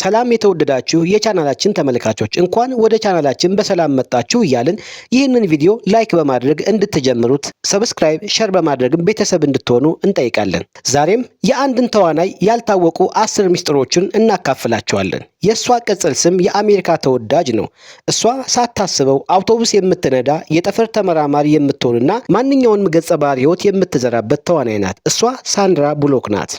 ሰላም የተወደዳችሁ የቻናላችን ተመልካቾች እንኳን ወደ ቻናላችን በሰላም መጣችሁ እያልን ይህንን ቪዲዮ ላይክ በማድረግ እንድትጀምሩት ሰብስክራይብ፣ ሸር በማድረግም ቤተሰብ እንድትሆኑ እንጠይቃለን። ዛሬም የአንድን ተዋናይ ያልታወቁ አስር ሚስጥሮችን እናካፍላቸዋለን። የእሷ ቅጽል ስም የአሜሪካ ተወዳጅ ነው። እሷ ሳታስበው አውቶቡስ የምትነዳ የጠፈር ተመራማሪ የምትሆንና ማንኛውንም ገጸ ባህሪ ሕይወት የምትዘራበት ተዋናይ ናት። እሷ ሳንድራ ብሎክ ናት።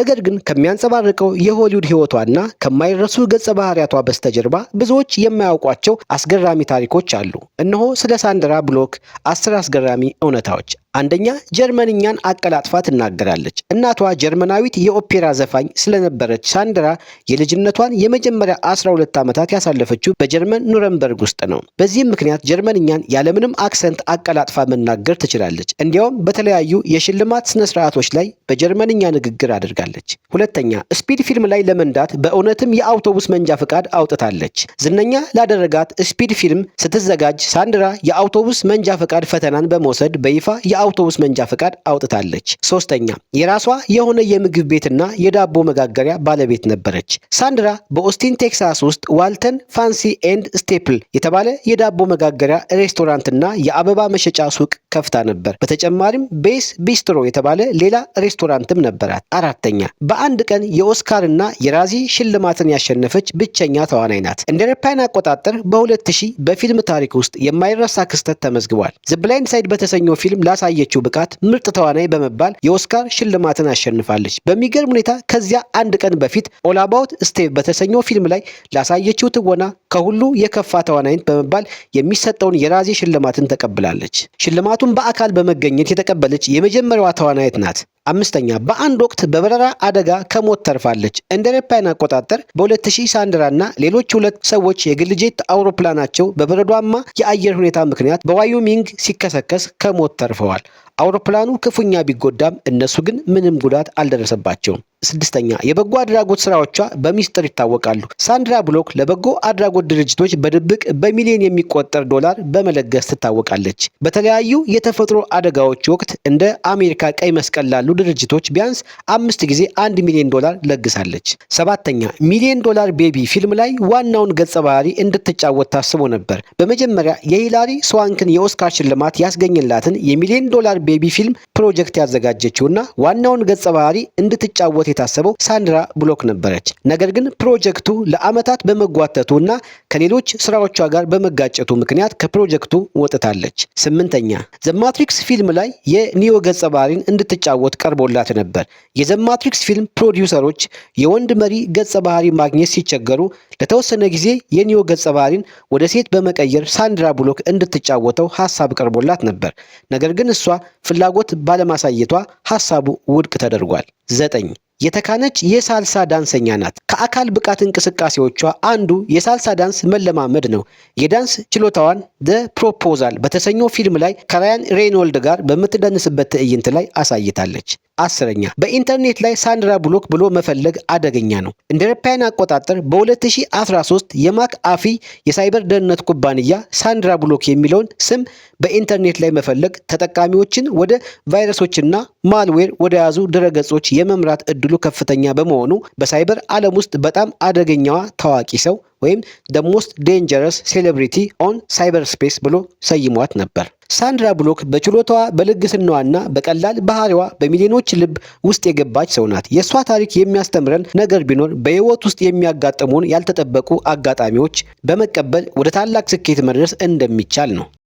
ነገር ግን ከሚያንጸባርቀው የሆሊውድ ሕይወቷና ከማይረሱ ገጸ ባህሪያቷ በስተጀርባ ብዙዎች የማያውቋቸው አስገራሚ ታሪኮች አሉ። እነሆ ስለ ሳንድራ ብሎክ አስር አስገራሚ እውነታዎች አንደኛ ጀርመንኛን አቀላጥፋ ትናገራለች። እናቷ ጀርመናዊት የኦፔራ ዘፋኝ ስለነበረች ሳንድራ የልጅነቷን የመጀመሪያ 12 ዓመታት ያሳለፈችው በጀርመን ኑረንበርግ ውስጥ ነው። በዚህም ምክንያት ጀርመንኛን ያለምንም አክሰንት አቀላጥፋ መናገር ትችላለች። እንዲያውም በተለያዩ የሽልማት ስነ ስርዓቶች ላይ በጀርመንኛ ንግግር አድርጋለች። ሁለተኛ ስፒድ ፊልም ላይ ለመንዳት በእውነትም የአውቶቡስ መንጃ ፈቃድ አውጥታለች። ዝነኛ ላደረጋት ስፒድ ፊልም ስትዘጋጅ ሳንድራ የአውቶቡስ መንጃ ፈቃድ ፈተናን በመውሰድ በይፋ የአውቶቡስ መንጃ ፈቃድ አውጥታለች። ሶስተኛ የራሷ የሆነ የምግብ ቤትና የዳቦ መጋገሪያ ባለቤት ነበረች። ሳንድራ በኦስቲን ቴክሳስ ውስጥ ዋልተን ፋንሲ ኤንድ ስቴፕል የተባለ የዳቦ መጋገሪያ ሬስቶራንትና የአበባ መሸጫ ሱቅ ከፍታ ነበር። በተጨማሪም ቤስ ቢስትሮ የተባለ ሌላ ሬስቶራንትም ነበራት። አራተኛ በአንድ ቀን የኦስካርና የራዚ ሽልማትን ያሸነፈች ብቸኛ ተዋናይ ናት። እንደ አውሮፓውያን አቆጣጠር በ2000 በፊልም ታሪክ ውስጥ የማይረሳ ክስተት ተመዝግቧል። ዘ ብላይንድ ሳይድ በተሰኘው ፊልም ላሳ ባሳየችው ብቃት ምርጥ ተዋናይ በመባል የኦስካር ሽልማትን አሸንፋለች። በሚገርም ሁኔታ ከዚያ አንድ ቀን በፊት ኦል አባውት ስቴቭ በተሰኘው ፊልም ላይ ላሳየችው ትወና ከሁሉ የከፋ ተዋናይን በመባል የሚሰጠውን የራዜ ሽልማትን ተቀብላለች። ሽልማቱን በአካል በመገኘት የተቀበለች የመጀመሪያዋ ተዋናይት ናት። አምስተኛ በአንድ ወቅት በበረራ አደጋ ከሞት ተርፋለች። እንደ አውሮፓውያን አቆጣጠር በ2000 ሳንድራ እና ሌሎች ሁለት ሰዎች የግል ጄት አውሮፕላናቸው በበረዷማ የአየር ሁኔታ ምክንያት በዋዮሚንግ ሲከሰከስ ከሞት ተርፈዋል። አውሮፕላኑ ክፉኛ ቢጎዳም እነሱ ግን ምንም ጉዳት አልደረሰባቸውም። ስድስተኛ የበጎ አድራጎት ስራዎቿ በሚስጥር ይታወቃሉ። ሳንድራ ብሎክ ለበጎ አድራጎት ድርጅቶች በድብቅ በሚሊዮን የሚቆጠር ዶላር በመለገስ ትታወቃለች። በተለያዩ የተፈጥሮ አደጋዎች ወቅት እንደ አሜሪካ ቀይ መስቀል ላሉ ድርጅቶች ቢያንስ አምስት ጊዜ አንድ ሚሊዮን ዶላር ለግሳለች። ሰባተኛ ሚሊዮን ዶላር ቤቢ ፊልም ላይ ዋናውን ገጸ ባህሪ እንድትጫወት ታስቦ ነበር። በመጀመሪያ የሂላሪ ስዋንክን የኦስካር ሽልማት ያስገኝላትን የሚሊዮን ዶላር ቤቢ ፊልም ፕሮጀክት ያዘጋጀችውና ዋናውን ገጸ ባህሪ እንድትጫወት የታሰበው ሳንድራ ብሎክ ነበረች። ነገር ግን ፕሮጀክቱ ለዓመታት በመጓተቱ እና ከሌሎች ስራዎቿ ጋር በመጋጨቱ ምክንያት ከፕሮጀክቱ ወጥታለች። ስምንተኛ ዘማትሪክስ ፊልም ላይ የኒዮ ገጸ ባህሪን እንድትጫወት ቀርቦላት ነበር። የዘማትሪክስ ፊልም ፕሮዲውሰሮች የወንድ መሪ ገጸ ባህሪ ማግኘት ሲቸገሩ ለተወሰነ ጊዜ የኒዮ ገጸ ባህሪን ወደ ሴት በመቀየር ሳንድራ ብሎክ እንድትጫወተው ሀሳብ ቀርቦላት ነበር። ነገር ግን እሷ ፍላጎት ባለማሳየቷ ሐሳቡ ውድቅ ተደርጓል። ዘጠኝ የተካነች የሳልሳ ዳንሰኛ ናት። ከአካል ብቃት እንቅስቃሴዎቿ አንዱ የሳልሳ ዳንስ መለማመድ ነው። የዳንስ ችሎታዋን ደ ፕሮፖዛል በተሰኘው ፊልም ላይ ከራያን ሬይኖልድ ጋር በምትደንስበት ትዕይንት ላይ አሳይታለች። አስረኛ በኢንተርኔት ላይ ሳንድራ ብሎክ ብሎ መፈለግ አደገኛ ነው። እንደ አውሮፓውያን አቆጣጠር በ2013 የማክ አፊ የሳይበር ደህንነት ኩባንያ ሳንድራ ብሎክ የሚለውን ስም በኢንተርኔት ላይ መፈለግ ተጠቃሚዎችን ወደ ቫይረሶችና ማልዌር ወደ ያዙ ድረገጾች የመምራት እድሉ ከፍተኛ በመሆኑ በሳይበር ዓለም ውስጥ በጣም አደገኛዋ ታዋቂ ሰው ወይም ደ ሞስት ዴንጀረስ ሴሌብሪቲ ኦን ሳይበር ስፔስ ብሎ ሰይሟት ነበር። ሳንድራ ብሎክ በችሎታዋ በልግስናዋና በቀላል ባህሪዋ በሚሊዮኖች ልብ ውስጥ የገባች ሰው ናት። የእሷ ታሪክ የሚያስተምረን ነገር ቢኖር በህይወት ውስጥ የሚያጋጥሙን ያልተጠበቁ አጋጣሚዎች በመቀበል ወደ ታላቅ ስኬት መድረስ እንደሚቻል ነው።